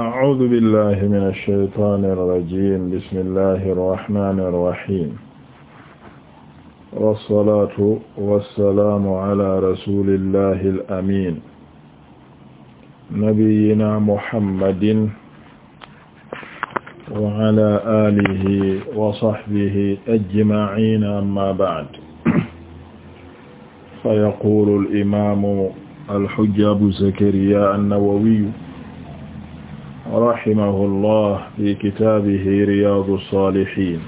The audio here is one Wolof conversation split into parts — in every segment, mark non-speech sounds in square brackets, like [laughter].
أعوذ بالله من الشيطان الرجيم بسم الله الرحمن الرحيم والصلاة والسلام على رسول الله الأمين نبينا محمد وعلى آله وصحبه أجمعين أما بعد فيقول الإمام الحجة أبو زكريا النووي rahimahullah fi kitaabihi riyaadu saalihiin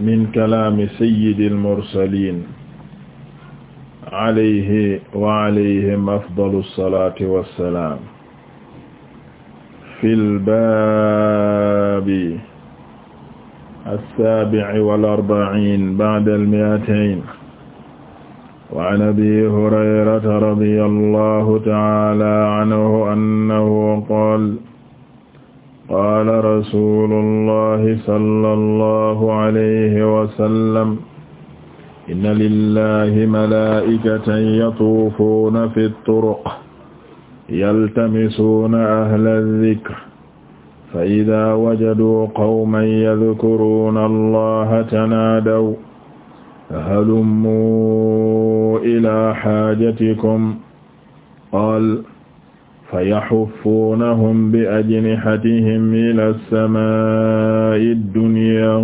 min kalaami sayyidil mursaliin alayhi wa alayhim afdalu salaati wa salaam fil baabi as-saabi'i wal arba'iin ba'dal mi'atayn wa an abi hurayrata radiyallahu ta'ala anhu annahu qaala qaala rasuulullahi sallallahu alayhi wa sallam inna lillahi malaa'ikatan yatuufuuna fi turuq yaltamisuuna ahla dikr fa idaa wajaduu qawman yadkuruuna allaha tanaadaw halummu ilaa haajatikum qaal fa yaxuffuunahum bi ajnihatihim ilaa samaa'i dunyaa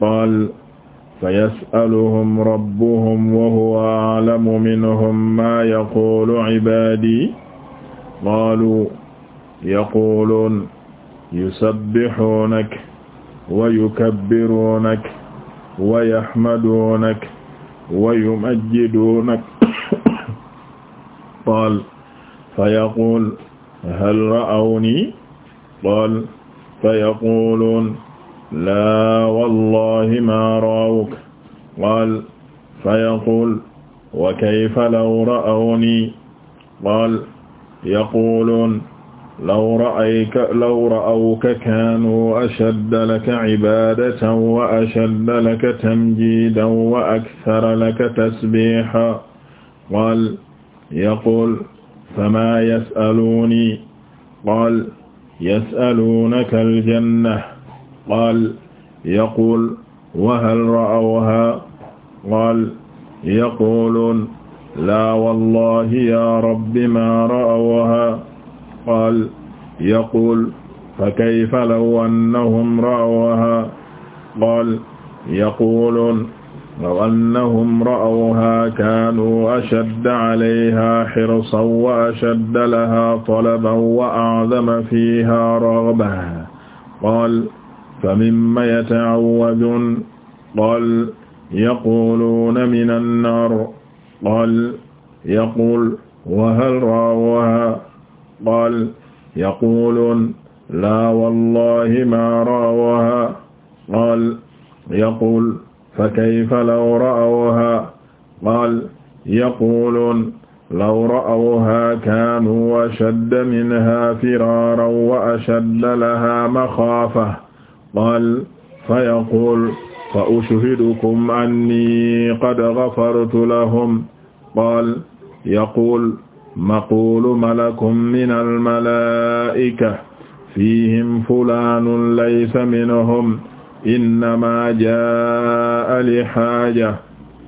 qaal fa yas'aluhum rabbuhum wa huwa a'lamu minhum maa yaquulu cibaadii qaaluu yaquuluun yusabbihuunaka wa yukabbiruunaka wa yahmaduunak wa yumajjiduunak qaal fa yaquul hal ra'awnii qaal fa yaquuluun laa wallaahi maa raawuk qaal fa yaquul wa kayfa law ra'awnii qaal yaquuluun law ra'ayka law ra'awka kaanuu ashadda laka cibaadatan wa ashadda laka tamjiidan wa akthara laka tasbiihan qaal yaqul famaa yas'aluunii qaal yas'aluunaka aljanna qaal yaqul wa hal ra'awhaa qaal yaquuluun laa wallaahi yaa rabbi maa ra'awhaa qaal yaquul fa kayfa law annahum ra'awhaa qaal yaquuluun law annahum ra'awhaa kaanuu ashadda alayhaa hirsan wa ashadda lahaa talaban wa a'zama fiihaa raghbatan qaal famimma yata'awwaduun qaal yaquuluuna mina nnaar qaal yaquul wa hal ra'awhaa qaal yaquluun laa wallahi maa ra'awhaa qaal yaquul fa kayfa law ra'awhaa qaal yaquluun law ra'awhaa kaanuu ashadda minhaa firaaran wa ashadda lahaa maxaafatan qaal fa yaquul fa ushhidukum annii qad gafartu lahum qaal yaquul maqulu malakun min almalaika fihim fulanun laysa minhum innama jaa lihaaja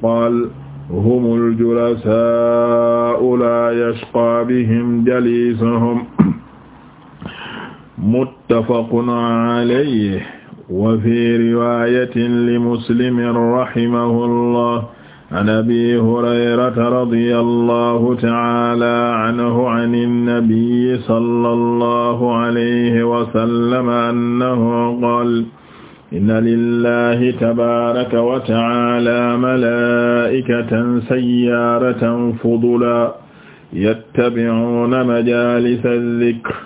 qaal hum aljulasaau laa yashqa bihim jaliisuhum muttafaqun alayhi wa fi riwayatin limuslimin rahimahu llah an abi hurayrata radiya allahu taala anhu an annabiyi sala allahu alayhi wasallama annahu qaal inna lillahi tabaaraka wa taala malaa'ikatan sayyaaratan fudula yattabi'uuna majalisa adh-dhikr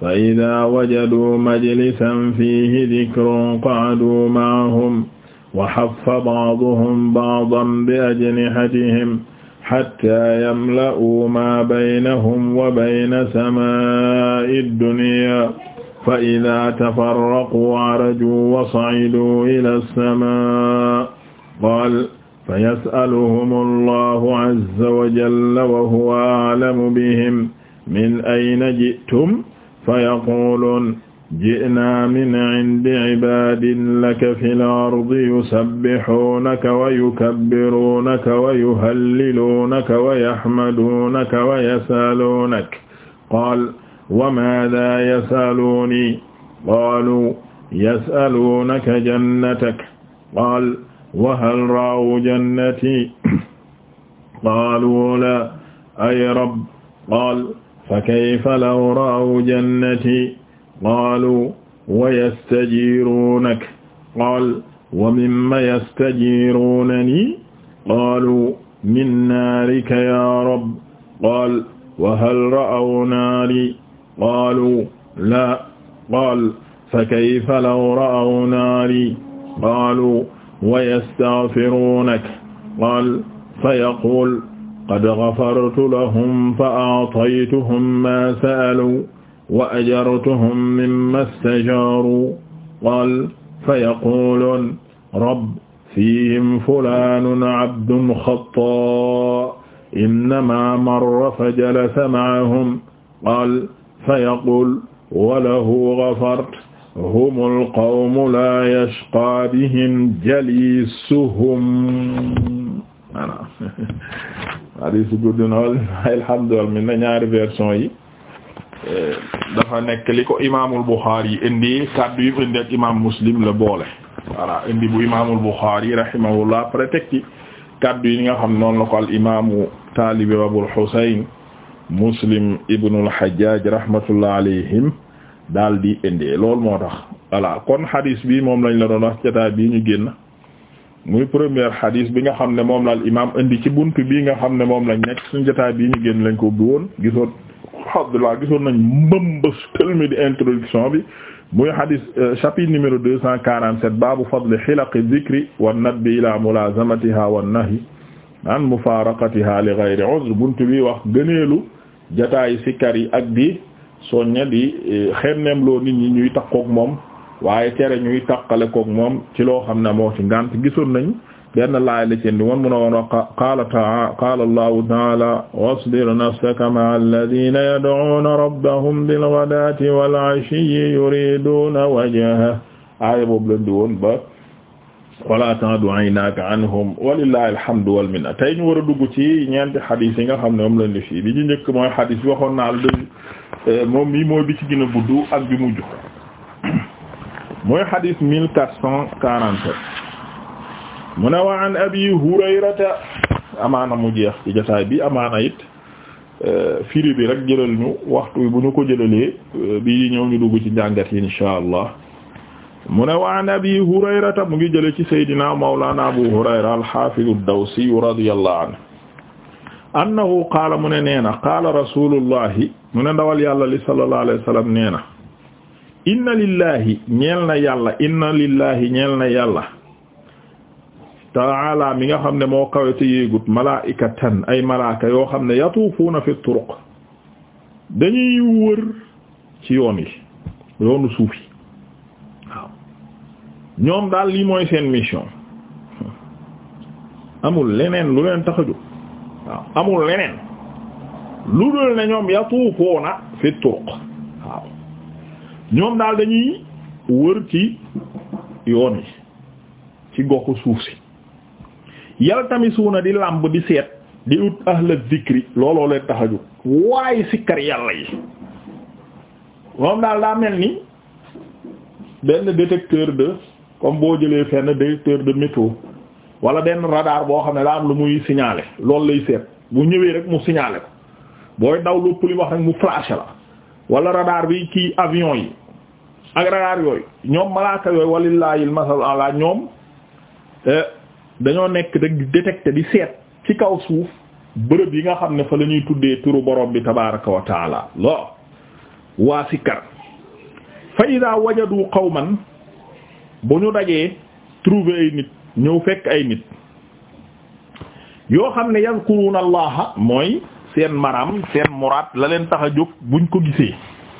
fa idhaa wajaduu majlisan fiihi dhikrun qa'aduu ma'ahum wa haffa ba'duhum ba'dan bi ajnihatihim hatta yamla'u ma baynahum wa bayna samaa'i ad-dunya fa idha tafarraqu araju wa sa'idu ila as-samaa' qaala fa yas'aluhum allahu azza wa jalla wa huwa a'lamu bihim min ayna ji'tum fa yaquluun ji'naa min cindi cibaadin laka fil ardi yusabbihuunaka wa yukabbiruunaka wa yuhalliluunaka wa yaxmaduunaka wa yas'aluunaka qaala wa maadaa yas'aluunii qaaluu yas'aluunaka jannataka qaala wa hal ra'aw jannatii qaaluu laa ay rabb qaala fakayfa law ra'aw jannatii qaalu wa yastajiiruunak qaal wa mimma yastajiiruunani qaalu min naarika yaa rab qaal wa hal ra'aw naari qaalu laa qaal fa kayfa law ra'aw naari qaalu wa yastagfiruunak qaal fa yaquul qad gafartu lahum fa a'taytuhum maa sa'aluu wa ajartuhum mimma stajaaruu qaal fa yaquuluun rab fiihim fulaanun abdun xattaa innamaa marra fa jalasa ma'ahum qaal fa yaquul wa lahu gafarta humul qawmu laa yashqaa bihim jaliisuhum voilà hadiis gudd na alhamdulillah ñaari version yi dafa nekk li ko imaamul Buxaari indi kaddu yi indi ak imaam Muslim la boole voilà indi bu imaamul Buxaari rahimahullah après teg ci kaddu yi nga xam noonu la ko al imaamu taalibi Abul Husayn Muslim ibnul Hajjaaj rahmatullah alayhim daal di indi loolu moo tax voilà kon xadis bi moom lañ la doon wax jotaay bii ñu génn muy première xadis bi nga xam ne moom la al imaam indi ci buntu bii nga xam ne moom lañ nekk suñu jotaay bii ñu génn lañ ko ubbi woon gisoon. alhamdulilah gisoon nañ mbëmbës tëlmi di introduction bi muy hadis euh, chapitre numéro deux cent quarante-sept baabu fadli xilaqi dhikri wan nadbi ila mulazamatiha wan nahyi an mufaraqatiha li ghayri uzr bunt bi wax gëneelu jataayi sikkar yi ak di soñña di euh, xemneem loo nit ñi ñuy takkook moom waaye tere ñuy takkale kook moom ci loo xam ne moo ci ngànt gisoon nañ benn laay la ci indi woon mu ne woon wa qaala taa qaala allahu taala wasbir nafsaka ma'a alladhina yad'una rabbahum bil ghadati wal 'ashiyyi yuriduna wajha aaya boobu leen di woon ba wala ta'du 'aynaka 'anhum walillahi alhamdu wal minna tey ñu war a dugg ci ñeenti xadis yi nga xam ne moom leen di fii bi ñu njëkk mooy xadis bi waxoon naa la euh, moom mii mooy bi ci gën a gudd ak bi mujj mooy xadis 1447 mu ne wa an abi hurayrata amaana mu jeex ci bi amaana it e, firi bi rek jëlal ñu waxtu bi buñu ñu ko jëlalee e, bi ñëw ñu dugg ci njàngat yi insha allah mu ne wa an abi hurayrata mu ngi jële ci seydina mawlana abu hurayra alhafidu dawsi radiyallahu anhu annahu qaala mu ne nee na qaala rasulullahi mu ndawal yàlla li sallallahu alayhi wa nee na inna lillahi ñeel na yàlla inna lillahi yàlla taala mi nga xam ne moo kawe te yéegut malaa'ikatan ay malaaka yoo xam ne yatuufuuna fi turuq dañuy wër ci yoon yi yoonu suuf yi waaw ñoom daal lii mooy seen mission amul leneen lu leen tax a jóg waaw amul leneen lu dul ne ñoom yatuufuuna fi turuq waaw ñoom daal dañuy wër ci yoon yi ci goxu suuf si tamit yaltamisuuna di làmb di seet di ut ahla zikri looloo leen tax a jóg waaye sikkar yàlla yi moom daal daa mel ni benn détecteur de comme boo jëlee fenn détecteur de météo wala benn radar boo xam ne daa am lu muy signaler loolu lay seet bu ñëwee rek mu signaler ko booy daw lu puli wax rek mu flashe la wala radar bi kii avion yi ak radar yooyu ñoom malaaka yooyu walillaahil masal ala ñoom eh, dañoo nekk rek di détecter seet ci kaw suuf bërëb yi nga xam ne fa la ñuy tuddee turu boroom bi tabaraka wa taala lo waa sikkar fa ida wajadu qawman bu ñu dajee trouver ay nit ñëw fekk ay nit yoo xam ne yazkuruna allaha mooy seen maram seen muraad la leen tax a jóg buñ ko gisee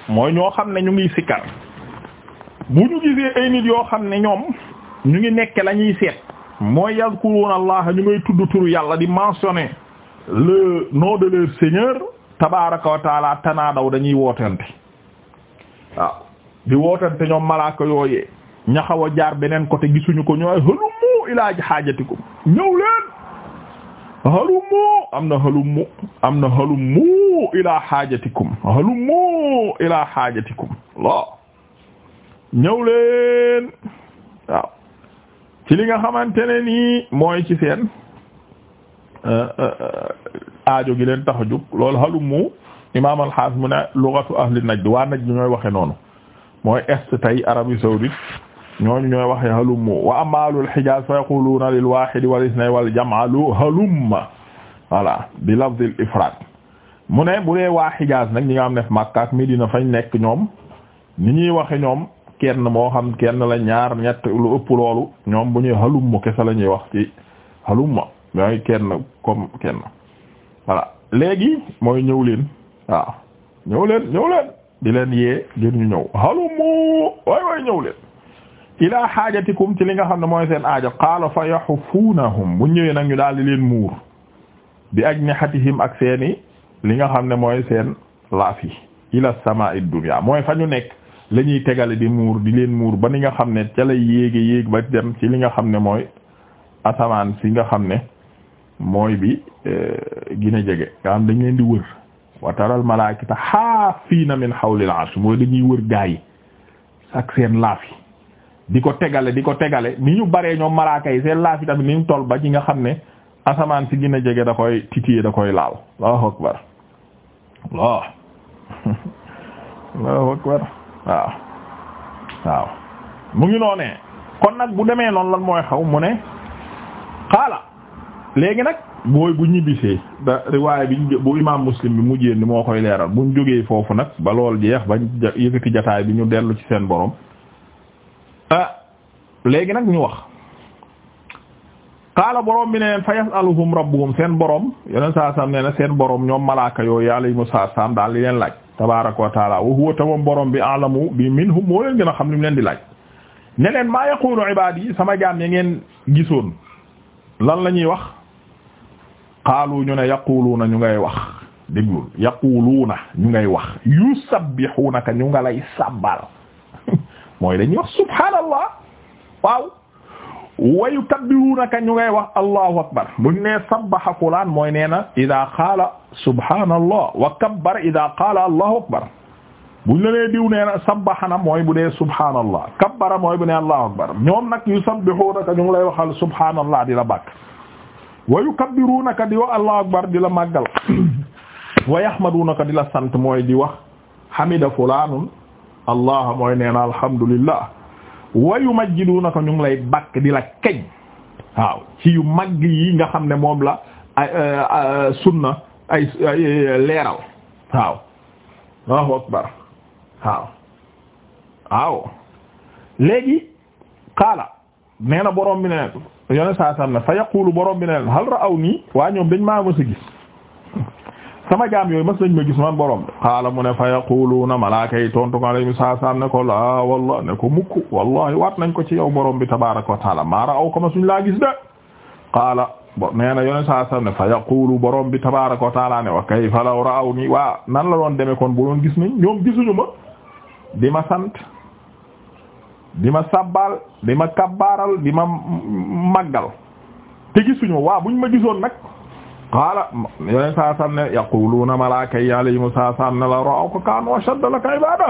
mooy ñoo xam ne ñu ngi sikkar bu ñu gisee ay nit yoo xam ne ñoom ñu ngi nekk lañuy seet mooy yazkuruna allah ñu ngay tudd tur yàlla di mentionner le nom de tabaraka wa taala tanaadaw dañuy wootante waaw di wootante ñoom malaaka yooyee ña a jaar beneen côté gisuñu ko ñooy halumu ilaa haajatikum ñëw leen halumu am na halumu am na halumu ilaa ilaa haajatikum la ñëw leen ci li nga xamante ne nii mooy ci seen euh, euh, euh, aajo gi leen tax a jug lool xalu mu imaam alxaas mu ne lughatu ahli najd waa najd ñooy waxe noonu mooy est tay Arabie saoudite ñooñu ñooy waxe halummu wa amaalul xijaaz fa yaquluuna lil waahidi wal isnay wal jam'alu halumma voilà bi lafdil ifraad mu ne bu dee waa xijaaz nag ñi nga am ne Makka ak Medina fañ nekk ñoom ni ñuy waxe ñoom kenn moo xam kenn la ñaar ñett lu loolu ñoom bu ñuy halumma kese la ñuy wax ci halumma mooy kenn comme kenn voilà léegi mooy ñëw leen waaw ñëw leen ñëw leen di leen yee ngir ñu ñëw halumma waay waay ñëw leen ilaa xaajatikum ci li nga xam ne mooy seen aajo qaala fa yaxufuunahum bu ñëwee nag ñu daal di leen muur bi ajnihatihim ak seeni li nga xam ne mooy seen laaf yi ila samaa'i dunya mooy fa ñu nekk la ñuy tegale di muur di leen muur ba li nga xam ne ca lay yéege yéeg ba dem ci li nga xam ne mooy asamaan si nga xam ne mooy bi euh, gina jege nga xam dañ leen di wër wa taral malaakata haafiina min hawlil arsh mooy dañuy wër gaa yi ak seen laaf di ko tegale di ko tegale ni ñu baree ñoom malaaka yi seen laaf yi tamit ni ñu toll ba ci nga xam ne asamaan si gin a jege da koy titiyee da koy laal allahu akbar allah [laughs] allahu akbar waaw waaw mu ngi noonee kon nag bu demee noonu lan mooy xaw mu ne xaala léegi nag mooy bu ñibbisee da riwaay bi bu imaam muslim bi mu jénn moo koy leeral buñ jógee foofu nag ba lool jeex bañ yëkkati jataay bi ñu dellu ci seen borom ah léegi nag ñu wax xaala borom bi ne fa yasaluhum rabbuhum seen borom yeneen saa saam nee na seen borom ñoom malaaka yooyu yàlla yi mu saa saam daal di leen laaj tabaaraka wa taala wa bi alamu bi minhum moo leen gën a xam li mu leen di laaj ne leen maa yaqulu sama jaam ya ngeen gisoon lan la ñuy wax qaalu ñu ne yaquluuna ñu ngay wax déggul yaquluuna ñu ngay wax yusabbihuunaka ñu nga lay sabbal [laughs] mooy dañuy wax subhaanallah wayu kabbiruunaka ñu ngay wax allahu akbar buñ ne sabbaha fulaan mooy nee na ida qaala subhaanallah wa kabbara ida qaala allahu akbar buñ la nee diw nee na sabbahana mooy bu dee subhaanallah kabbara mooy bu ne allahu akbar ñoom nag yusabbihuunaka ñu ngi lay waxal subhaanallah di la bàkk wayu kabbiruunaka di wax allahu akbar di la màggal [coughs] wa yahmaduunaka di la sant mooy di wax hamida fulaanun allah mooy nee na alhamdulillah wayu majjiduna ko ñu ngi lay bakk di la keñ waaw ci yu mag yi nga xam ne moom la euh, euh, sunna ay leeral waaw Allahu akbar waaw waaw léegi qaala nee na borom bi ne yone saa sam ne fa yaqulu borom bi ne hal ra'aw nii waa ñoom dañ maa mësa gis sama jaam yooyu mas nañ ma gis man borom xaala mu ne fa yaquluuna malaaka yi tontu ko alayhi salaam ne ko laa wallah ne ko mukk wallahi waat nañ ko ci yow borom bi tabaaraka wa taala maara aw ko ma suñ laa gis de xaala nee na yoneen saa ne fa yaqulu borom bi tabaaraka wa ne wa kayfa law raaw nii waa nan la doon demee kon bu doon gis nañ ñoom gisuñu ma di ma sant di ma sabbal di ma kabbaaral di ma maggal te gisuñu waa buñ ma gisoon nag qaala yeneen saa saam ne yaquluuna malaaka yi alayhimu saa saam ne la ra'awka kaanu ashadda laka ibaada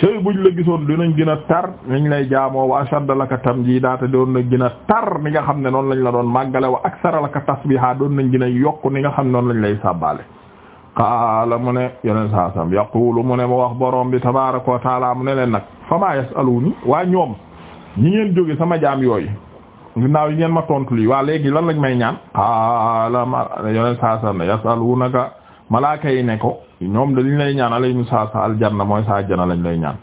cey buñ la gisoon dinañ gën a tar niñ lay jaamoo wa ashadda laka tamjiida te doon na gën a tar ni nga xam ne noonu lañ la doon màggale wa aksara laka tasbiiha doon nañ gën a yokk ni nga xam ne noonu lañ lay sàbbaale qaala mu ne yeneen saa saam yaqulu mu ne mo wax borom bi tabaaraka wa taala mu ne leen nag fa maa yasaluuni waa ñoom ñi ngeen jóge sama jaam yooyu ginnaaw yi ngeen ma tontu lii waa léegi lan lañ may ñaan xaala ma yoneen saasam ne yasalunaka malaaka yi ne ko ñoom de liñ lay ñaan alayum saa sa aljanna mooy sa aljanna lañ lay ñaan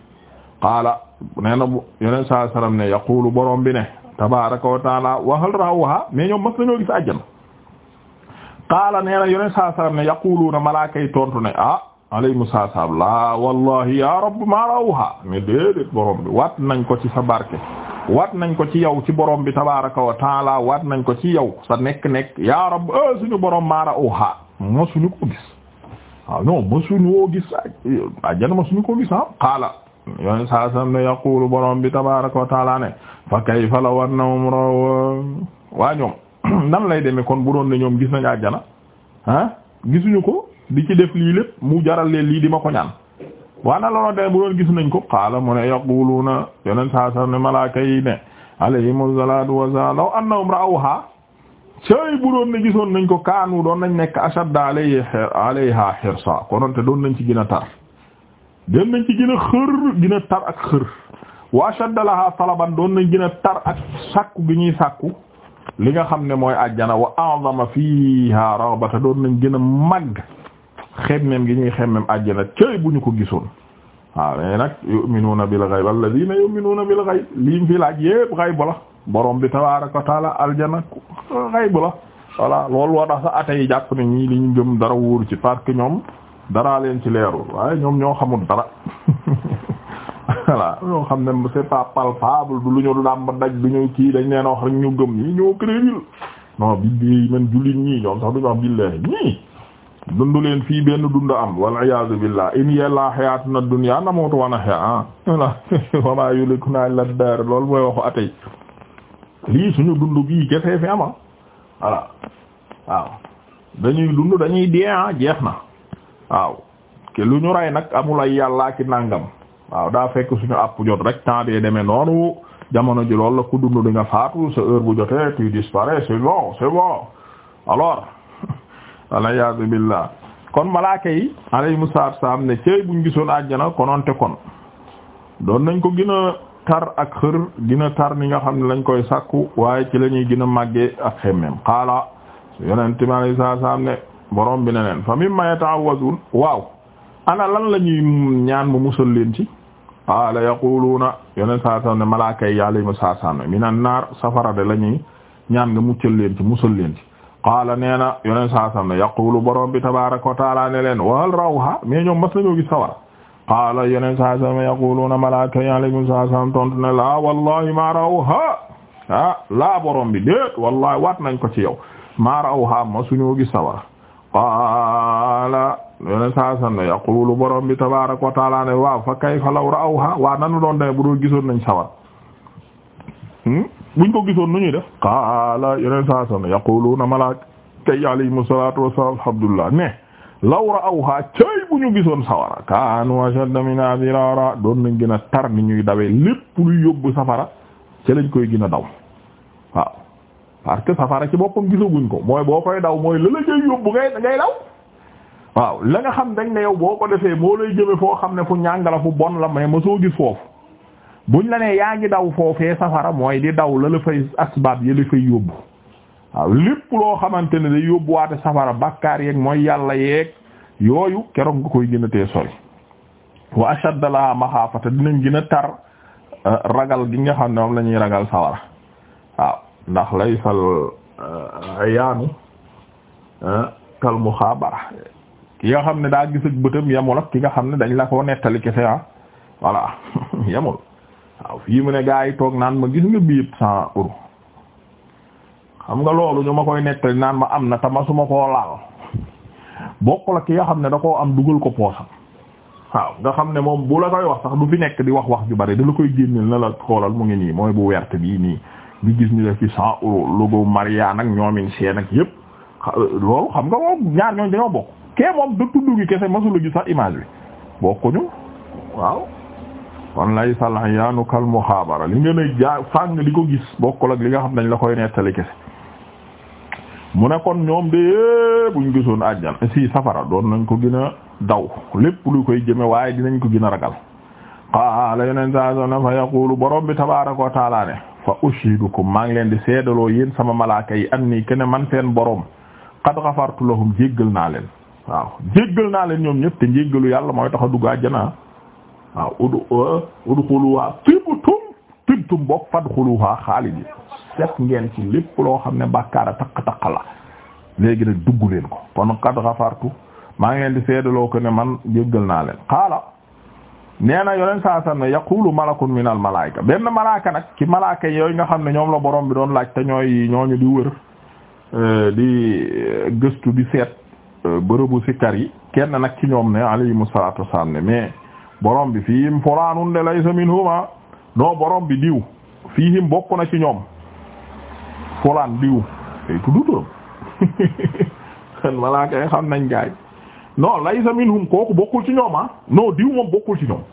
xaala nee na yoneen saa salam ne yaqulu borom bi ne tabaraka wa taala waxal raawuha mais ñoom mas nañoo gis aljanna xaala nee yoneen saa salam ne yaquluuna malaaka yi tontu ne ah alayum saa sa laa wallahi ya rabb ma raawuha mais déedéet borom bi nañ ko ci sa barke waat nañ ko ci yow ci borom bi tabaraka wa taala waat nañ ko ci yow sa nekk-nekk yaa rab e, suñu borom maara oha masuñu ko gis waaw non masuñu woo gis ajjana ko gis ah qaala yon saa sam ne yaqulu borom bi tabaraka wa taala ne fa kayfa law annahum raw waa ñoom [clears throat] nan lay demee kon buroon doon ne ñoom gis nañ ajjana ah gisuñu ko di ci def lii lépp mu jaral le lii di ma ko ñaan waana looloo demee bu doon gis nañ ko qaala e ne yaquluuna yeneen saa sax ne malaaka yi ne wa salaam law annahum ra'awhaa cey bu doon ne gisoon nañ ko kaanu doon nañ nekk ashadda alayhi alayhaa hirsa konoon te doon nañ ci gën a tar doon nañ ci gën a xër tar ak xër wa ashadda lahaa talaban doon nañ gën a tar ak sàkku gi ñuy sàkku li nga xam ne mooy àjjana wa a'zama fiihaa raghbata doon nañ gën a màgg xemmem gi ñuy xemmem àjjana cëy bu ñu ko gisoon waaw mais nag yu'minuuna bil ghayb alladhiina yu'minuuna bil ghayb liñ fi laaj yépp ghayb la borom bi tabaaraka wa taala aljana ghayb la voilà loolu woo tax sa ate yi jàpp ne ñii li ñu gëm dara wóoru ci parce ñoom dara leen ci leerul waaye ñoom ñoo xamul dara [laughs] voilà ñoo xam ne c'est pas lu ñu dàmb daj du ñu kii dañ leen wax rek ñu gëm ñii ñoo crédit non bi bi man jullit ñii ñoom sax duñu dundu leen fii benn dund am wal iyaazu billah in yella xayaatuna dunya namutu wa nahya ah [laughs] wa ma yulikuna illa dar loolu mooy waxu atey lii suñu dund bii kese fi ama ah. voilà waaw dañuy dund dañuy dee ah jeex na waaw ke lu ñu rey nag amul ay yàllaa ki nàngam waaw daa fekk suñu àpp jot rek temps de demee noonu jamono ji lool la ku dund di nga faatu sa heure bu jotee tu disparais c'est bon c'est bon alors aliyasu billah kon malaaka yi alayhimu sa am ne cey buñ gisoon àjjana kononte kon doon nañ ko gina a tar ak xër gën tar ni nga xam ne lañ koy sàkku waaye ci la ñuy gën a màggee ak xemmem xaala yonente bi alayhi saam salaam ne borom bi ne leen fa mimma yata'awwazun waaw ana lan la ñuy ñaan mu musal leen ci qaala yaquluuna yonent saa salaam ne malaaka yi alayhimu salaatu salaam ne minan naar safara de la ñuy ñaan nga muccal leen ci musal leen ci qaala nee na yoneen saa sam ne yaqulu borom bi tabaaraka wa taala ne leen wahal rawha mais ñoom mas nañoo qaala yoneen saa yaquluuna malaaka yi alaykum saa sam wallahi maa rawha ah laa borom bi déet wallahi waat nañ ko ci yow maa rawha masuñoo gis sawar qaala yoneen saa sam yaqulu borom tabaaraka wa taala ne waaw fa law rawha waa nanu doon deme bu doon gisoon nañ sawar hmm? buñ ko gisoon nu ñuy def qaala yeneen saa san yaquluuna malaak kay alayhimu salaatu wassalaam alhamdulillah ne law ra'awhaa cay bu ñu gisoon sawara kaanu ashadda minhaa doon nañ gën a tar ni ñuy dawee lépp lu yóbbu safara ca lañ koy gën a daw waaw parce que safara ci boppam gisaguñ ko mooy boo koy daw mooy la la yóbbu ngay daw waaw la nga xam dañ ne yow boo ko defee moo lay jëme foo xam ne fu ñàngala la fu bon la mais ma soo gis foofu buñ la nee yaa ngi daw foofee safara mooy di daw la la fay asbaab yi la fay yóbbu waaw lépp loo xamante ne day yóbbuwaate safara bakkaar yeeg mooy yàlla yéeg yooyu keroog nga koy gën a tee sori wa la laha maxaafata dina gën a tar euh, ragal gi nga xam ne moom lañuy ragal sawara waaw ndax lay sal euh, yaanu euh, kal muxaabara ki nga xam ne daa gis ak bëtam yemul ki nga xam ne dañ la ko nettali kese ah voilà [laughs] yemul waaw fii mu ne gaa yi toog naan ma gis nga biir cent euros xam nga loolu ñu ma koy nettali naan ma am na tama su ma koo laal bokk la ki nga xam ne da koo am dugal ko poosam waaw nga xam ne moom bu la koy wax sax du fi nekk di wax wax ju bari da la koy génneel na la xoolal mu ngi nii mooy bu wert bii nii bi gis ñu def ci cent euros logo Marianne ak ñoomin seen ak yëpp loolu xam nga moom ñaar ñooñ dañoo bokk kee moom da tudd gi kese masula gis sax image bi bokkuñu kon laysa al-ayaanu kal muxaabara li ngeen a jaa fàng li ko gis bokkul ak li nga xam dañ la koy nettali kese mu ne kon ñoom de buñ gisoon àjjana si safara doon nañ ko gën a daw lépp lu koy jëme waaye dinañ ko gën a ragal qaala yeneen saa soxna fa yaqulu borom bi tabaaraka wa taala ne fa ushidukum maa ngi leen di seedaloo yéen sama malaaka yi am nii kenn man seen borom qad ghafartu jéggal naa leen waaw jéggal naa leen ñoom ñëpp te njéggalu yàlla mooy tax a dugg waaw udu uh, udxuluha tibtum tibtum bokk fadxuluha xaalidi set ngeen ci lépp loo xam ne bàkkaara taq-taq la léegi nag dugg leen ko kon qad ghafartu maa ngi leen di seedaloo ko ne man jéggal naa leen qaala nee na yoneen saa sam ne yaqulu malakun min al malaayika benn malaaka nag ci malaaka yooyu nga xam ne ñoom la borom bi doon laaj te ñooy ñooñu di wër uh, di uh, gëstu di seet bërëbu sikkar yi kenn nag ci ñoom ne alayhimu salaatu wassalaam ne mais borom bi fiihim fulaanun de laysa minhuma non borom bi diw fiihim bokk na ci ñoom fulaan diw tey tuddu turam xen malaaka yi xam nañ gaay non laysa minhum kooku bokkul ci ñoom ah non diw moom bokkul ci ñoom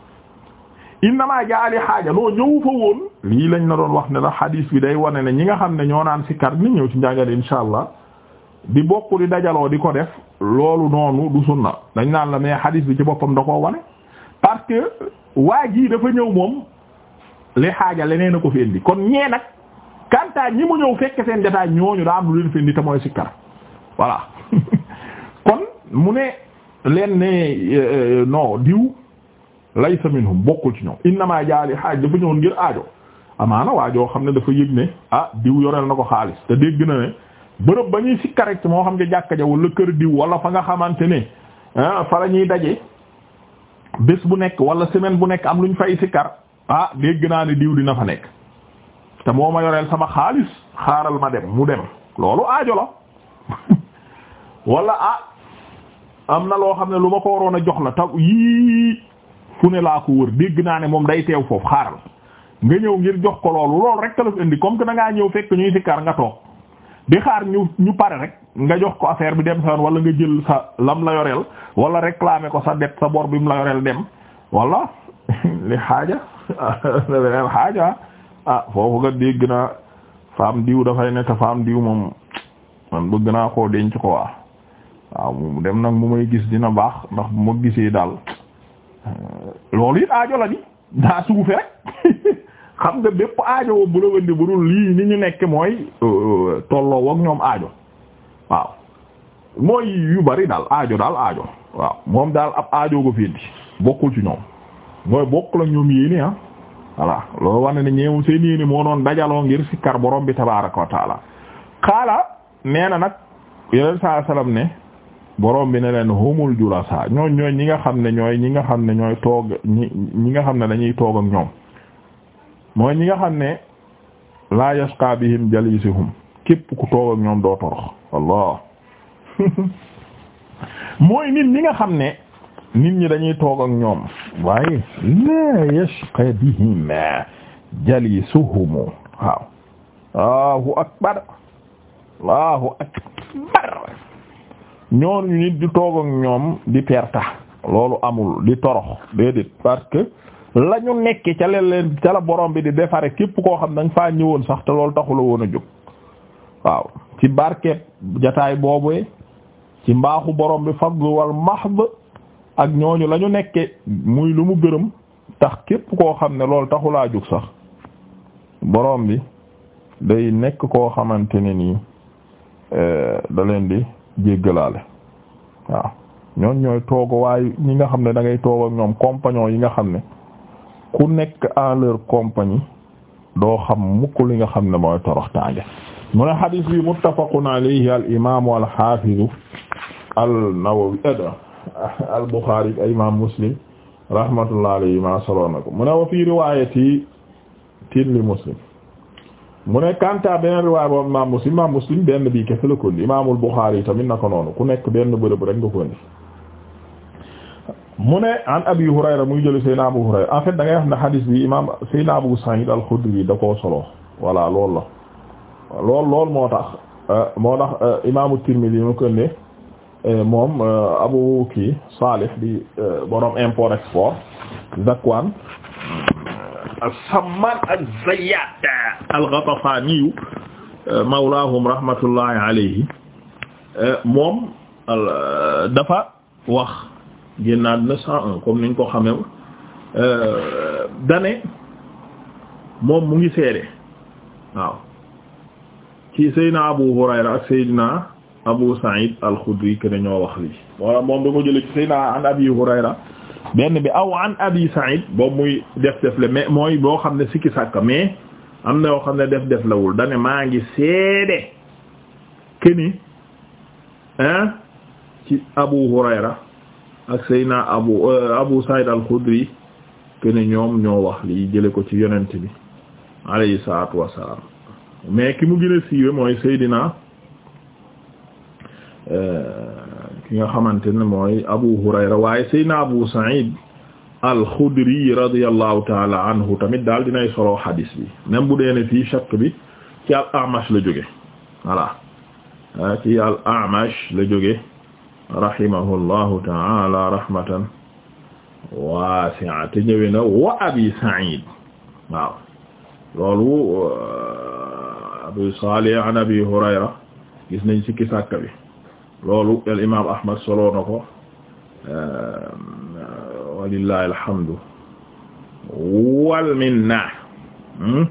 innama jaali xaaja noo ñëw fa woon lii lañ la doon wax ne la hadis bi day wane ne ñi nga xam ne ñoo naan si kar ni ñëw ci njàngale insha allah di bokk di dajaloo di ko def loolu noonu du sunna dañ naan la mais hadis bi ci boppam da koo wane parce que waa jii dafa ñëw moom li xaaja leneen a ko fi indi kon ñee nag kantaa ñi mu ñëw fekk seen jotaay ñooñu daa am lu leen fi indi te mooy sikkar voilà [laughs] kon mu ne leen ne euh, euh, non diw laysa minhum bokkul ci ñoom innama jaali xaaj dafa ñëwoon ngir aajo amaana waajoo xam ne dafa yëg ne ah diw yoreel na ko xaalis te dégg na ne bërëb ba ñuy sikkar rek moo xam ne jàkka ja wala kër diw wala fa nga xamante ne ah, fa la ñuy daje bés bu nekk wala semaine bu nekk am luñ fay sikar ah dégg naa ne diw dina fa nekk te moo ma yoreel sama xaalis xaaral ma dem mu dem loolu aajo la [laughs] wala ah am na loo xam ne lu ma ko waroon a jox la taw yii fu ne laa ko wër dégg naa ne moom day teew foofu xaaral nga ñëw ngir jox ko loolu loolu rek la indi comme que da ñëw fekk ñuy sikar nga toog. di xaar ñu ñu pare rek nga jox ko affaire bi dem sa wala nga jël sa lam la yoreel wala réclamer ko sa dette sa bor bi mu la yoreel dem wala [laughs] li xaaja [laughs] xaaja ah foofu nga dégg naa faam diw dafay ne te faam diw moom man bëgg naa koo denc ko waa waaw mu dem nag mu may gis dina baax ndax bu ma gisee daal euh, loolu it aajo la di daa suufe rek [laughs] xam nga bépp aajo bu la wëndi bu dul lii ni ñu nekk mooy euh, euh, tolloo ñoom aajo waaw mooy yu bari daal aajo daal aajo waaw moom daal ab aajo ko féndi bokkul ci ñoom mooy bokkul ak ñoom yéene ah voilà loolu war na ne ñeewum seen yéene moo doon dajaloo ngir sikkar borom bi tabaarako wa taala xaala nee na nag yeneen saa salaam ne boroom bi ne leen humul julasa ñooñ ñooñ ñi nga xam ne ñooy ñi nga xam ne ñooy toog ñi ñi nga xam ne dañuy toog ñoom mooy ñi nga xam ne la yashqa bihim jalisihum képp ku toog ñoom doo torox wallah [laughs] mooy nit ñi nga xam ne nit ñi dañuy toog ak ñoom waaye la yashqa bihim jalisuhum waaw allahu akbar allahu akbar ñoonu nit di toog ñoom di perta loolu amul di torox déedéet parce que la ñu nekk ca leen leen ca la borom bi di defaree képp koo xam ne danga faa ñëwoon sax te loolu taxula woon a jóg waaw ci barkeet jataay boobu ci mbaaxu borom bi fadlu wal mahd ak ñooñu la ñu nekke muy lu mu gërëm tax képp koo xam ne loolu taxulaa jóg sax borom bi day nekk koo xamante ne nii eh, da leen di jéggalaale waaw ñooñ ñooy toogo waaye ñi nga xam ne dangay ngay toog ak ñoom compagnon yi nga xam ne ku nekk en leur doo xam mukk li nga xam ne mooy toroxtaange mu ne hadis bi muttafaqun alayhi al imaamu al xaafizu al nawawi eh, al buxaari muslim rahmatullah alayhi ma solo na mu ne wa fii riwaayati muslim mu ne kanta beneen riwaay boobu imaam muslim imaam muslim benn bii kese la ko indi imaamul tamit na ko noonu ku nekk benn bërëb rek nga ko mu ne an abi hurayra muy jële sayna abu hurayra en fait da ngay wax ne hadis bi imam sayna abu sa'id al-khudri da koo solo voilà loolu la lool lool moo tax euh, moo tax euh, imaamu tirmidhi mu ko ne euh, moom abu kii salih di borom import export zakwan as-samman az-zayyat al-ghatafani mawlaahum rahmatullahi alayhi moom dafa wax génnaat na cent un comme niñ ko xamee euh, dane moom mu ngi seede waaw ci Seydina Abu Hurayra ak Seydina Abu Sa'id al-Khudri que ñoo wax lii wala moom da ko jëlee ci Seydina an Abi Hurayra benn bi aw an Abi Sa'id boobu muy def def le mais mooy boo xam ne sikki sàkk mais am na yoo xam ne def def lawul dane maa ngi seede keni hein ci Abu Hurayra ak Seyna Abu euh, Abu Saïd al ñoom ñoo wax lii jële ko ci yonent bi alayhi salaatu wassalaam mais ki mu gën siiwe mooy Seydina euh, ki nga xamante ne mooy Abu Hurayra waaye Seydina Abu Saïd al-Khudri radiyallahu taala anhu tamit daal dinay solo xadiis bi même bu dee ne fii bi ci al-A'mash la jóge voilà euh, ci al-A'mash la jóge rahimahullahu taala rahmatan waasi'a te ñëwee na wa abi Sa'id waaw loolu euh, Abu Salih an Abi Hurayra gis nañ ci kisàkka bi loolu al imaam Ahmad soloo na ko euh, walillahi alhamdu wal minna hmm?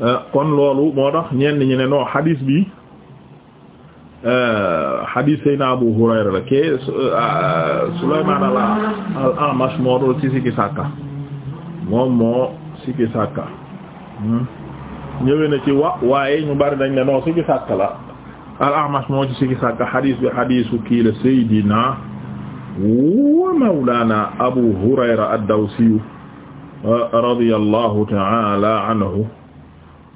euh, kon loolu moo tax ñenn ñi ne non hadis bi xadiis Seydina Abu Hurayra la ke uh, Sulaymaan al-A'mash moo doon ci sikki sàkka moom moo sikki sàkka hmm? ñëwee na ci wa waaye ñu bari dañ ne non sikki sàkka la al-A'mash moo ci sikki sàkka xadiis bi xadiisu kii la Seydina wa mawlaana Abu Hurayra ad-Dawsi uh, radiyallahu ta'ala anhu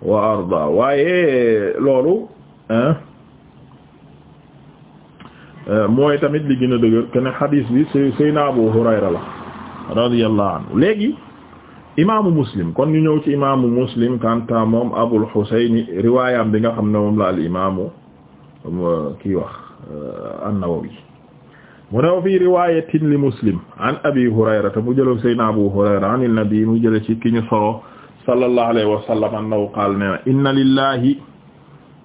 wa arda waaye loolu eh, Euh, mooy tamit li gën a dëgër que ne xadiis bi sayna Abu Hurayra la radiyallahu anhu léegi imaamu Muslim kon ñu ñëw ci imaamu Muslim kanta moom Abul Husayn riwaayam bi nga xam ne moom la al imaamu euh, kii wax euh, an-Nawawi mu ne wa fii riwaayatin li Muslim an Abi Hurayra te mu jëloo sayna Abu Hurayra an an-nabi mu jële ci ki ñu solo sallallahu alayhi wa sallam annahu qaala inna lillahi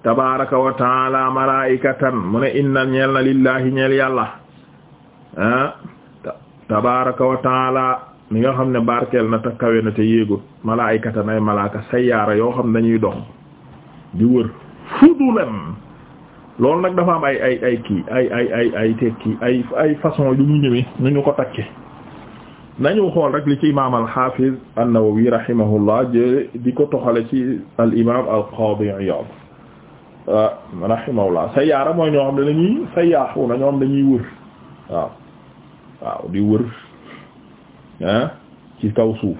tabaraka wa taala malaikatan mu ne inna ñeel na lillahi ñeel yàlla ah tabaraka wa taala mi nga xam ne barkeel na te kawe na te yéegul malaikatan ay malaaka sayyaara yoo xam ne dañuy dox di wër fudulan loolu nag dafa am ay ay ay kii ay ay ay tekki ay façon yu mu ñëwee nu ñu ko takke nañu xool rek li ci imaam al-Hafiz an-Nawawi di ko toxale ci al imam al Ah, rahimahullah sayyaara mooy ñoo xam ne dañuy sayyaaxu na ñoo xam dañuy wër waaw waaw di wër ah, ci kaw suuf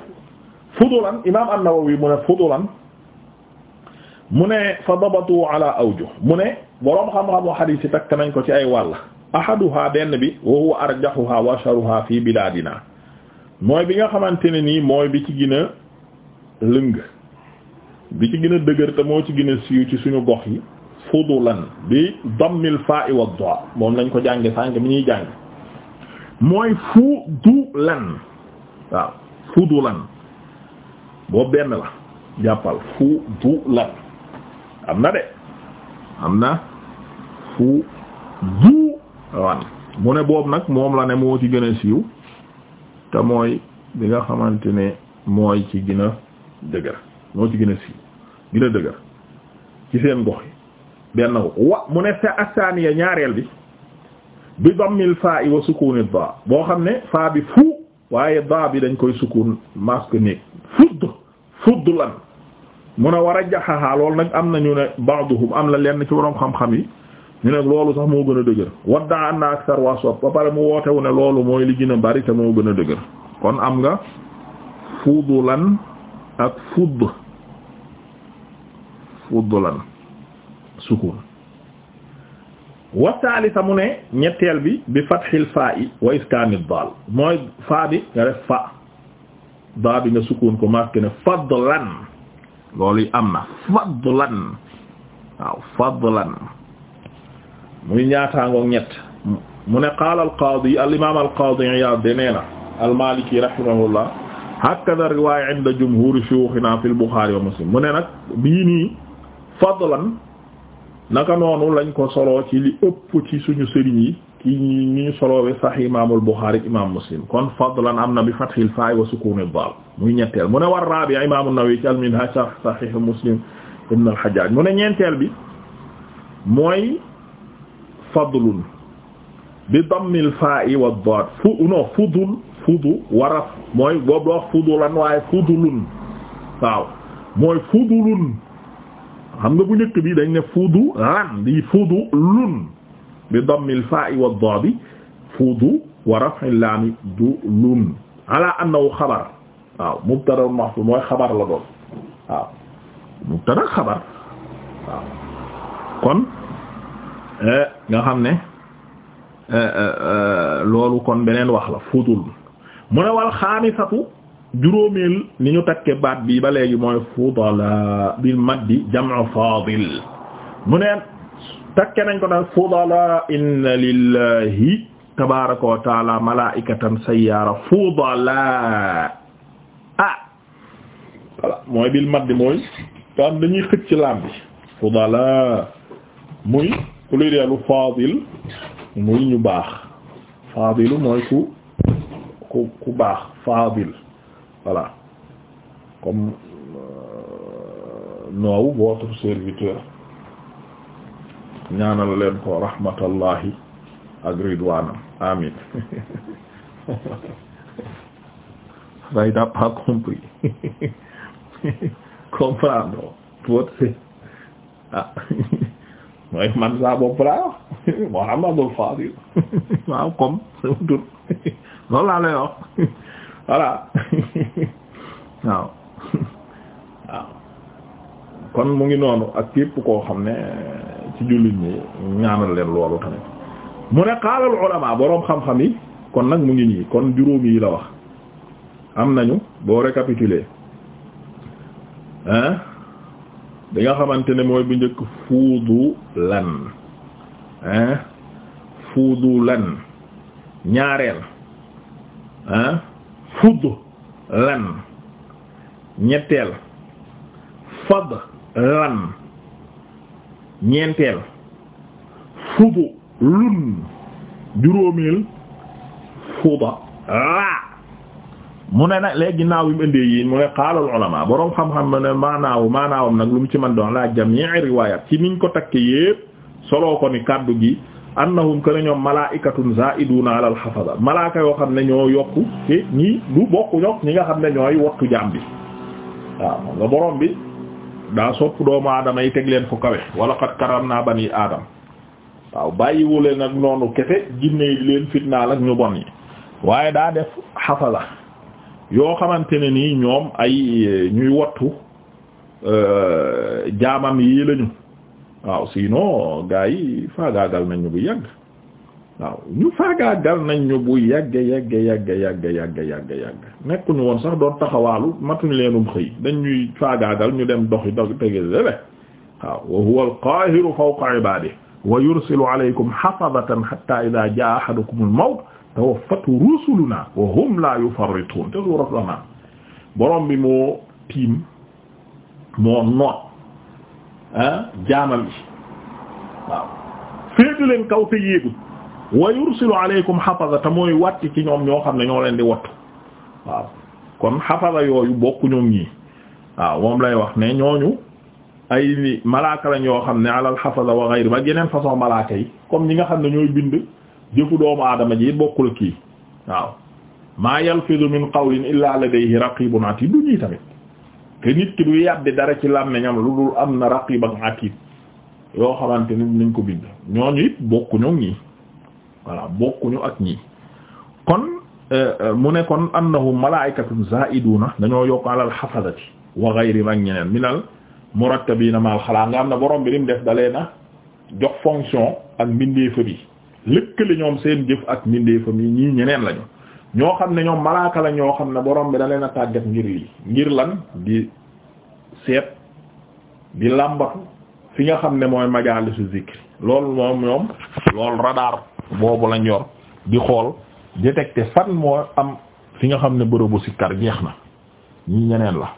fudulan imaam an-Nawawi mu ne fudulan mu ne fa dabatu ala awjuh mu ne boroom xam-xamu xadiis yi takk nañ ko ci ay wàlla ahaduha benn bi wa huwa arjahuha wa fi bilaadina mooy bi nga xamante ne nii mooy bi ci gën a lëng bi ci gën dëgër te moo ci gën a siiw ci suñu gox yi fudulan bi dammil faa'i wa dha moom lañ ko jàngee sànq mi ñuy jàng mooy fudulan waaw fudulan boobu benn la jàppal fudulan am na de am na fudulan mu ne boobu nag moom la ne moo ci gën a siiw te mooy bi nga xamante ne mooy ci gën a dëgër moo ci gën a siiw gën a dëgër ci seen gox yi benn wa mu ne sa asaniya ñaareel bi bi dammil faa i wa sukuni da boo xam ne faa bi fu waaye da bi dañ koy sukun masque néeg fudd fudd lan mun a war a jaxaxaa loolu nag am nañu ne baaduhum am la lenn ci boroom xam-xam yi ñu ne loolu sax moo gën a dëgër wadda an na aktar waswab ba pare mu wootewu ne loolu mooy li gën a bari te moo gën a dëgër kon am nga fudd lan ak fudd fudd lan sukun wasaalisa mu ne ñetteel bi bi fathil faa i wa iskaanil daal mooy faa bi nga def fa daa bi nga sukun ko maske ne fadlan loolu yi am na fadlan waaw fadlan muy ñaataangoog ñett mu ne qaala al qaadi al imaam al qaadi Iyaad de nee na al maaliki rahimahullah hakada riwaaya inda jumhuuri shuyuuxinaa fil Buxaari wa Muslim mu ne nag bii nii fadlan naka noonu lañ ko soloo ci li ëpp ci suñu sëriñ yi ki ñu ñu soloowe sax imaamul Buxaari imaam Muslim kon fadlan am na bi fathil faay wa sukuunid daal muy ñetteel mu ne war raabi imaam an-Nawawi ci al-Minhaaj Sahih Muslim ibn al mu ne ñeenteel bi mooy fadlun bi dammil fa'i wa daad mooy boobu xam nga bu njëkk bi dañ ne fuudu ran di fuudu lun bi dammil fa'i wa dabi fuudu wa raf'il laami du lun ala annahu xabar waaw mubtada mahfuz mooy xabar la doon waaw mubtada xabar waaw kon eh, nga xam ne eh, eh, loolu kon beneen wax la fuudul mu juróomeel ni ñu takke baat bi ba léegi mooy fudala bil maddi jam'u fadil mu neen takke nañ ko nag fudala inna lillahi tabaraka wa taala malaikatan sayyara fudala ah voilà mooy bil maddi mooy tam dañuy xëcc laam bi fudala muy plurielu fadil muy ñu baax fadilu mooy ku ku baax fadil voilà comme euh, noow votre serviteur ñaanal leen ko rahmatallahi ak ridwanam amin [laughs] ça il n'a pas compris [laughs] comprendre votre ah mooy man saa bopp laa Muhammadul Fadil waaw comme sa tur [laughs] loolu laa lay wax voilà [laughs] waaw waaw kon mu ngi noonu ak képp koo xam ne eh, ci jullit ñi ñaanal leen loolu tamit mu ne qaala al boroom xam-xam yi kon nag mu ngi nii kon juróomi yi la wax am nañu boo récapituler hein bi nga xamante ne mooy bu njëkk fuudu lan hein fuudu lan ñaareel hein fudlan ñetteel fadlan ñeenteel fudlun juróomeel fuda laa mu ne na léegi naaw yi mu indee yi mu ne xaalal ulama boroom xam-xam ne maanaawu maanaawam nag lu mu ci man doon laa jamii riwaayat ci niñ ko takke yépp soloo ko ni kàddu gi annahum kana ñoom malaikatun zaiduna ala alxafada malaaka yoo xam ne ñoo yokk ci ñii du bokku ñok ñi nga xam ne ñooy wattu jaam bi waaw nga borom bi daa sopp doomu aadama yi teg leen fu kawe wala naa karamna bani aadam waaw bàyyiwuleen ak noonu kese jinne yi leen fitnaal ak ñu bon yi waaye daa def xafala yoo xamante ne nii ñoom ay ñuy wattu euh, jaamam yi lañu waaw sinon gars yi faagaagal nañ ñu bu yàgg waaw ñu faagaagal nañ ñu bu yàgg yàgg yàgg yàgg yàgg yàgg yàgg nekkuñu woon sax doon taxawaalu matuñu leenum xëy dañ ñuy faagaagal ñu dem doxi dog tegedele waaw wa huwa alqaahiru fawqa ibaadihi wa yursilu jaa ahadukum al-mawt tawaffatu rusuluna hum la yufarritun te suuratu An'aam borom bi moo tiim moo noot Ah, jaamam yi waaw féete leen kaw te yéegul wa yursilu alaykum xafaza te mooy wàtti ci ñoom ñoo xam ne ñoo leen di wot waaw kon xafaza yooyu bokku ñoom ñii waaw moom lay wax ne ñooñu ay malaaka lañ yoo xam ne alal xafaza wa ghayri ba yeneen façon malaaka yi comme ñi nga xam ne ñooy bind jëfu doomu aadama ji bokkul kii waaw maa yalfidu min qawlin illa ladayhi raqibun atid du ñii tamit te nit ki du yàbbi dara ci làmmiñam lu dul am na raqib ak atid yoo xamante ni nañ ko bind ñooñu it bokkuñu ak ñii voilà bokkuñu ak ñii kon euh, euh, mu ne kon annahum malaa'ikatun zaa'iduna dañoo yokk alal xafadati wa ghayrihim ak ñeneen minal murattabina maal xalaa nga am na borom bi lim def dalee na jox fonction ak mbindeefam yi lëkkale ñoom seen jëf ak mbindeefam yi ñii ñeneen lañu ñoo xam ne ñoom malaaka la ñoo xam ne boroom bi da leen a tàggat ngir lii ngir lan di seet di làmbatu fi nga xam ne mooy majaalisu zikri loolu moom ñoom loolu radar boobu lañ yor di xool détecter fan moo am fi nga xam ne bërëbu sikkar jeex na ñi ñeneen la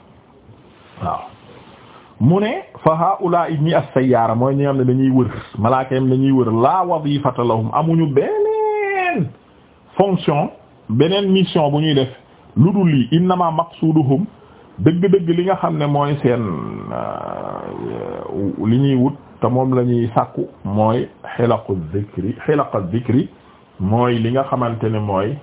waaw mu ne fa haula ñi as-sayyaara mooy ñi nga xam dañuy wër malaaka yam dañuy wër la wazifata lahum amuñu beneen fonction beneen mission bu ñuy def lu dul lii innama maqsuduhum dëgg-dëgg li nga xam ne mooy seen euh, li ñuy wut te moom la ñuy sàkku mooy xilaqu zikri xilaqu zikri mooy li nga xamante ne mooy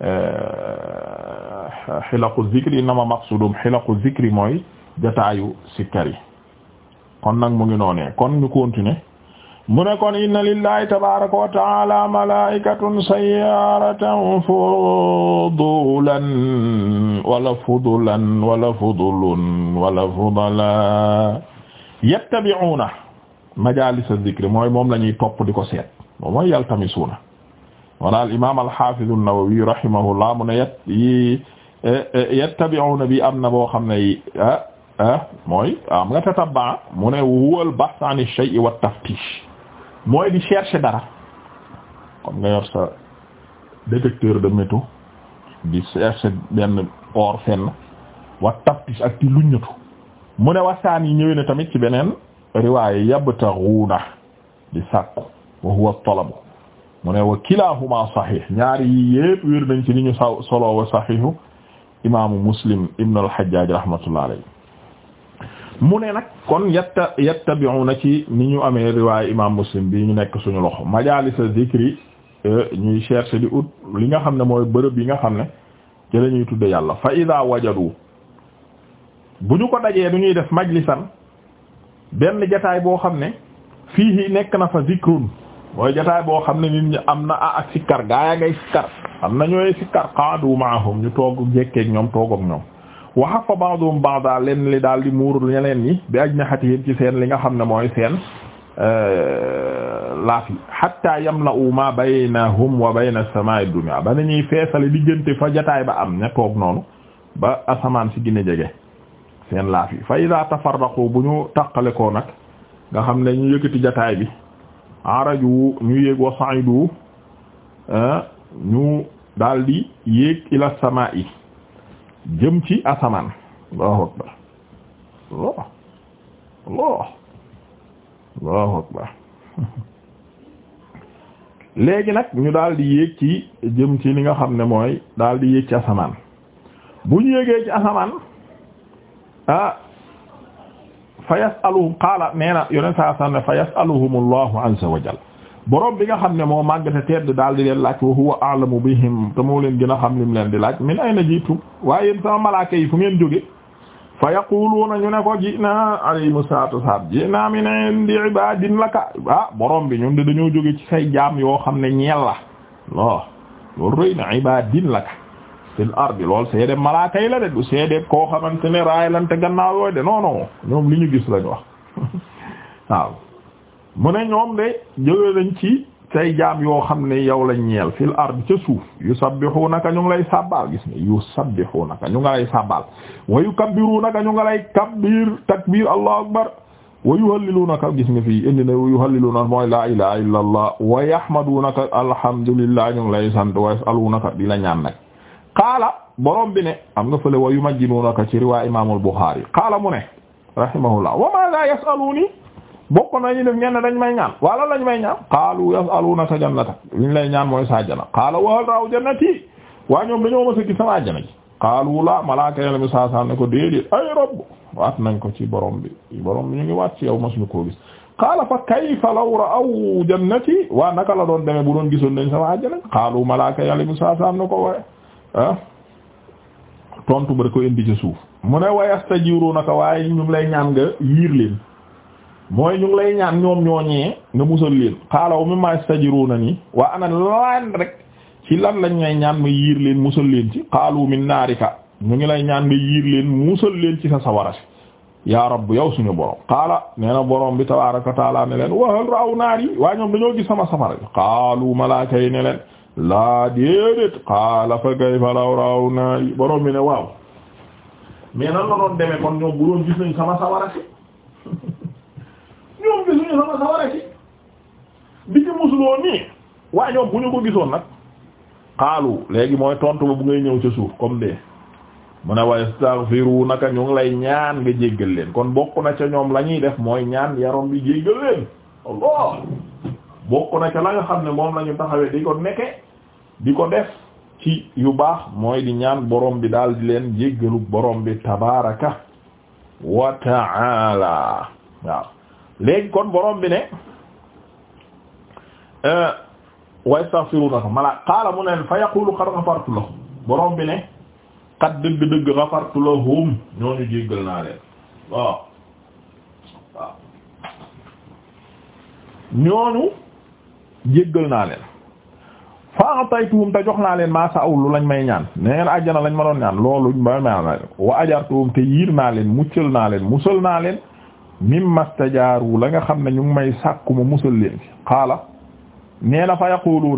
euh, xilaqu zikri ma maqsudum xilaqu zikri mooy jataayu sikkar yi kon nag mu ngi noonee kon ñu continuer mu ne kon inna lillahi tabaaraka wa ta'aala malaa'ikatan sayyaaratan fudulan wala fudulan wala fudulun wala fudala yattabi'uuna majaalis az-zikr mooy moom la ñuy topp di ko seet moom mooy yaltamisuuna wala al-imaam al-haafiz an-Nawawi rahimahullah mu ne yet yi eh, eh, yattabi'uuna bi am na boo xam ne ah ah mooy am nga tatabba mu ne huwa al-bahth an ash-shay'i wa at-taftiish mooy di chercher dara comme nga sa détecteur de métaux di chercher benn or fenn wa taftish ak ci luññatu mu ne wasaan yi ñëwee na tamit ci beneen riwaaye yabtaxuuna di sàkku wa huwa talabu mu ne wa kilahuma sahih ñaari yi yépp wér nañ ci ni ñu sa solo wa sahihu imaamu muslim ibn al-Hajjaj rahmatullah alayhi mu ne nag kon yatta yattabi'una ci ni ñu amee riwaay imam muslim bi ñu nekk suñu loxo majalisa zikri euh, ñuy chercher di ut li nga xam ne mooy bërëb yi nga xam ne ci la ñuy tudde yàlla fa ida wajadu bu ñu ko dajee du ñuy def majlisan benn jataay boo xam ne fii nekk na fa zikrun mooy jataay boo xam ne nit ñi am na a ak sikkar gaa ya ngay sikkar am na ñooy sikkar qaadu ma'ahum ñu toog jekkeek ñoom toog ak ñoom waxa fa ba'dhum ba'da leen li daal di muur ñeneen ñi bi ajnihatihim ci seen li nga xam ne mooy seen euh, laaf yi hatta yamla'u ma baynahum wa bayna as-sama'i ad-dunya ba nañuy feesale diggante fa jataay ba am ña toog noonu ba asamaan si gën a jege seen laaf yi fa idha tafarraqu bu ñu tàqale ko nag nga xam ne ñu yëkkati jataay bi araju ñu yéeg wa sa'idu euh, ñu daal di yéeg ila as-sama'i jëm ci asamaan allahu akbar allah allah allahu akbar [laughs] léegi nag ñu daal di yéeg ci jëm ci li nga xam ne mooy daal di yéeg ci asamaan bu ñu yéegee ci asamaan ah fa yasaluhum qaala nee yoneen saa saam ne fa yasaluhum allahu azza wa borom bi nga xam ne moo màggate tedd daal di leen laaj wa huwa a'lamu bihim te moo leen gën a xam lim leen di laaj min ayna jiitum waaye yéen malaaka yi fu ngeen jóge fa yaquluuna ñu ne ko ji na alayhimu salaatu wassalaam min indi ibadin laka ah borom bi ñun de dañoo jóge ci say jaam yoo xam ne ñeel la lo loolu rëy na laka fil lool seede malaaka yi la de du seede koo xamante ne raay lante gannaaw yooyu de non non ñoom li ñu gis lañu wax [laughs] mu ne ñoom de jóge lañ ci say jaam yoo xam ne yow lañ ñeel fil ard ca suuf yusabbihunaka ñu ngi lay sàbbaal gis ne yusabbihunaka ñu ngi lay sàbbaal wa yukabbirunaka ñu ngi lay kabbir takbir allahu akbar wa yuhallilunaka gis nga fii indi na wa yuhallilunaka mooy laa ilaha illa allah wa yahmadunaka alhamdulillah ñu ngi lay sant wa yasalunaka di la ñaan nag qaala borom bi ne am nga fële wa yumajjinunaka ci riwaa imaamul Buxaari qaala mu ne la bokk nañu def ñenn dañ may ñaan wala lañ may ñaan qaalu yas'alunaka jannata liñ lay ñaan mooy sa jana qaala wa hal jannati waa ñoom dañoo ma sëkki sama jana ji qaalu la malaaka yàlla ko déedéet ay nañ ko ci borom bi bi ñu ngi ci yow masuñu koo gis qaala fa kayfa law ra'aw jannati waa naka la doon demee bu doon gisoon nañ sama jana qaalu malaaka yàlla mi saa saa ne ko waaye ah tontu ba da ko indi ci suuf mu ne wa yastajiirunaka waaye ñu ngi lay ñaan nga wiir leen mooy ñu ngi ñaan ñoom ñooñee nga musal leen xaalaw mi ma stajiruna nii waa ana laan rek ci lan lañ ngay ñaan ma yiir leen musal leen ci xaalu min ngi lay ñaan nga yiir ci sa sawara si yaa rabbu yow suñu borom xaala nee borom bi tabaaraka wa taala ne leen hal raaw naar waa ñoom dañoo gis sama safara bi xaalu malaaka yi ne la doon demee kon ñoom gis sama sawara si [laughs] ñu sama sawara si di ci musuloo nii waaye ñoom bu ñu ko gisoon nag xaalu léegi mooy tontu ba bu ngay ñëw ca suuf comme de mu ne wa yastaghfiru naka ñu lay ñaan nga jéggal leen kon bokk na ca ñoom lañuy def mooy ñaan yarom bi jéggal leen Allah na ca la nga xam ne moom la ñu taxawee di ko nekke di ko def ci yu baax mooy di ñaan borom bi daal di leen jéggalu borom bi tabaraka wa ta'ala waaw léegi kon boroom bi ne euh, wa yastaghfirunaka mala qaala mu ne fa yaqulu qad ghafartu lahum borom bi ne qad dëgg-dëgg ghafartu lahum ñooñu jéggal naa leen waaw waaw ñooñu jéggal naa leen fa ataytuhum te jox naa leen maa sa aw lu lañ may ñaan ne ngeen àjjana lañ ma doon ñaan loolu ma ma wa ajartuhum te yiir naa leen muccal naa leen musal naa leen mimma stajaaru la nga xam ne ñu may sàkku mu musal leen ci xaala nee na fa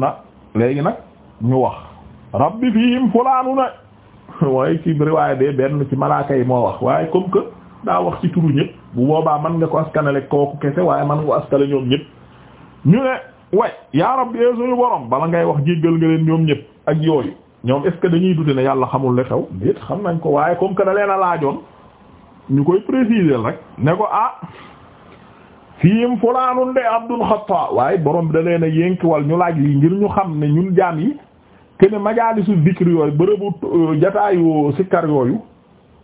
na léegi nag ñu wax rabbi fiihim fulaanu na [laughs] waaye ci riwaaya bee benn ci malaaka yi moo wax waaye comme que daa wax ci turu ñëpp bu boobaa man nga ko askanale kooku kese waaye man nga ko askale ñoom ñëpp ñu ne way yaa rabbi ee suñu borom bala ngay wax jéggal nga leen ñoom ñëpp ak yooyu ñoom est ce que dañuy dute ne yàlla xamul le xew déet xam nañ ko waaye comme que da leen a ñu koy préciser rek ne ko ah fiim fulaanun de Abdul Xattab waaye borom bi da leen a wal ñu laaj lii ngir ñu xam ne ñun jaam yi kene majaalisu dikr yooyu bërëbu euh, jataayu sikkar yooyu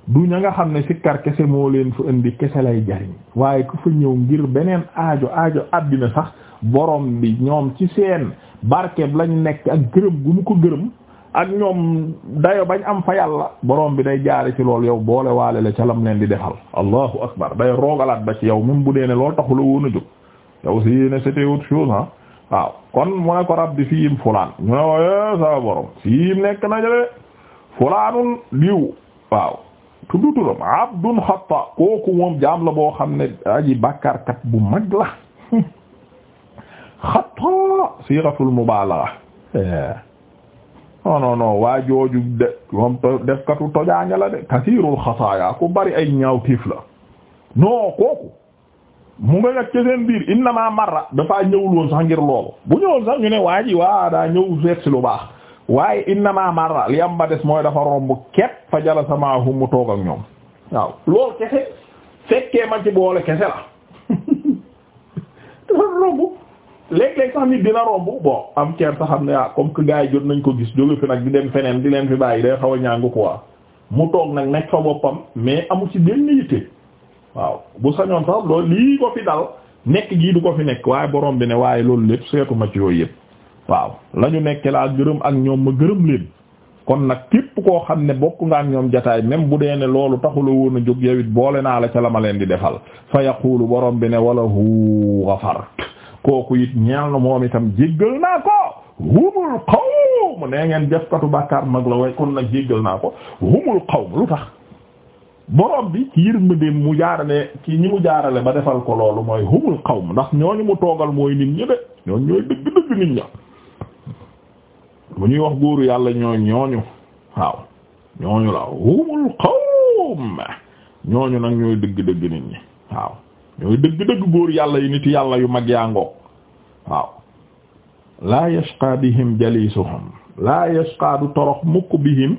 du ña nga xam ne sikkar kese moo leen fu indi kese lay jariñ waaye ku fa ñëw ngir beneen aajo aajo àddina sax borom bi ñoom ci seen barkeb lañu nekk ak gërëm gu mu ko gërëm ak ñoom dayo bañ am fa yàlla borom bi day jaare ci lool yow boole waale la ca leen di defal allahu akbar day roogalaat ba ci yow même bu dee ne loolu taxula woon a jóg yow si yéene c'était autre chose ah. waaw kon mu ne ko rab di fiim fulaan ñu ne woye sa borom nekk na jële fulaanun liw waaw tuddu turam boo xam ne bu mag la [laughs] xatta siixatul mubaalaga [laughs] non non non de moom def de kasiirul xasaaya ku bari ay ñaaw tiif la non kooku mu nga nekk ci seen biir innama marra dafaa ñëwul woon sax ngir bu ñëwoon sax ne waa ji daa ñëw seet si lu baax waaye innama marra li des mooy dafa romb kepp fa jala sama hum mu ak ñoom waaw loolu kese fekkee ma boole kese la [laughs] dafa léeg-léeg sax nit dina romb bon am ker sax xam ne ah comme que gars yi jot nañ ko gis jóge fi nag di dem feneen di leen fi bàyyi day xaw a ñàngu quoi mu toog nag nekk fa boppam mais amu ci benn yitte waaw bu sañoon sax loolu lii ko fi dal nekk gii du ko fi nekk waaye borom bi ne waaye loolu lépp seetuma ci yooyu yëpp waaw la ñu nekk laa gërëm ak ñoom ma gërëm leen kon nag képp koo xam ne bokk nga ak ñoom jataay même bu dee ne loolu taxula woon a jóg yowit boole naa la ca la ma leen di defal fa yaqulu borom bi ne walahu kooku it ñeel na moom itam jéggal naa ko humul qawm nee ngeen jëfkatu bàkkaar mag la way kon nag jéggal naa ko humul qawm lu tax borom bi ci yërmande mu jaarale ci ñi mu jaarale ba defal ko loolu mooy humul qawm ndax ñooñu mu toogal mooy nit ñi de ñooñu ñooy dëgg dëgg nit ña bu ñuy wax góoru yàlla ñooy ñooñu waaw ñooñu la humul qawm ñooñu nag ñooy dëgg dëgg nit ñi waaw ñooy dëgg-dëgg góor yàlla yu nit yàlla yu mag yaa ngoog waaw laa yashqa bihim jalisuhum laa yashqa du torox mukk bihim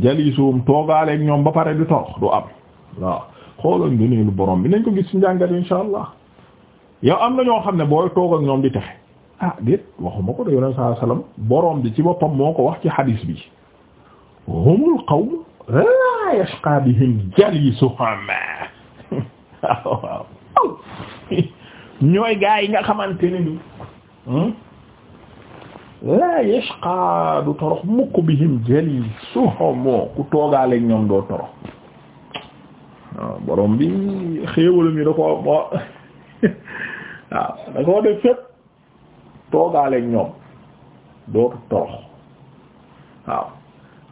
jalisuhum toogaaleeg ñoom ba pare du torox du am waaw xoolal nga lu borom bi nañ ko gis ci njàngat insha allah yow am na ñoo xam ne booy toog ak ñoom di texe ah déet waxuma ko de bi ci boppam moo ko wax ci hadis bi humul qawm laa yashqa bihim jalisuhum [laughs] waaw ñooy gaa yi nga xamante ne ni hmm? laa yashqa du torox mukk bihim jalisuhum ku toogaaleeg ñoom doo torox waaw borom bi xéewalam yi da ko [laughs] waaw da ko def fépp toogaaleeg ñoom dootu torox waaw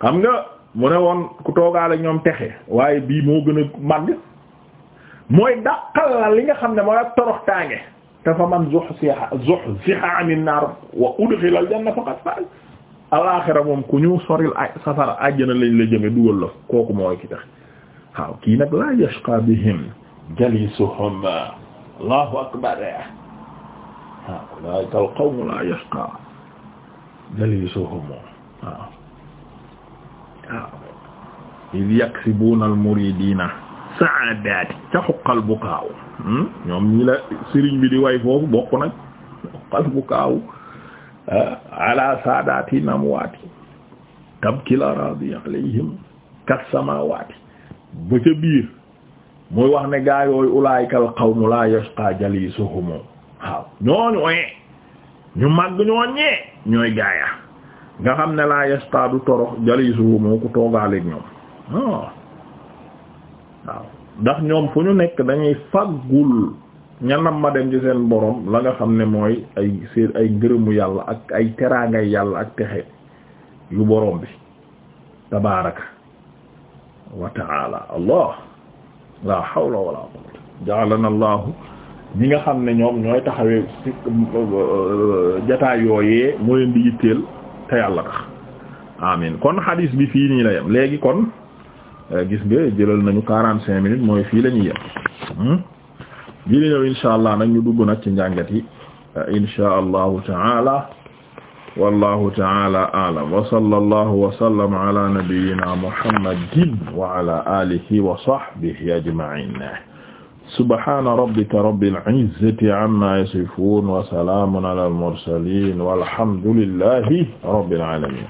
xam nga mu ne woon ku toogaaleeg ñoom texe waaye bii moo gën a màgg mooy dàqal la li nga xam ne mooy ak toroxtaange te fa man zuhziha zuhziha anin naar wa udxila al janna faqad faaz alaaxira moom ku ñu soril ay safara àjjana lañ la jëme dugal la kooku mooy ki tax waaw kii nag laa yashqa bihim jalisuhum allahu akbar waaw ulaa'ika al qawmu laa yashqa jalisuhum waaw waaw iz yaksibuuna al muridiina saadaati ca xuqal bu hmm? ñoom ñi la sëriñ bi di way foofu bokk nag xuqal bu kaaw ah, saadaati namwaati tabkil araadi alayhim kas ba ca biir muy wax ne gaa yooyu ulaayikal qawmu laa yashqa jalisuhum waaw ñooñu ñooñee ñu màgg ñooñee ñooy gaaya nga xam ne laa yashqa du torox jalisuhum ku toogaaleeg ñoom ah. waaw ndax ñoom fu ñu nekk dañuy faggul ñanam ma dem ci seen borom la nga xam ne mooy ay seen ay ngërëmu yàlla ak ay teraangay yàlla ak texe yu borom bi tabaaraka wa ta'ala allah la hawla wala quwwata ja'alana allahu ñi nga xam ne ñoom ñooy taxawee ci euh, jataay yooyee moo leen di yitteel te yàlla tax amin kon hadis bi fii nii la léegi kon Euh, gis nga jëlal nañu quarante cinq minutes mooy fii la ñuy yem hmm? bii li ñëw insha allah nag ñu dugg nag ci njàngat yi euh, insha allahu taala wallahu taala alam wa sallallahu wa sallam ala nabiyyina muhammadin wa ala alihi wa sahbihi ajma'in subhana rabbika rabbil izzati amma yasifun wa salamun ala al mursalin walhamdulillahi rabbil alamin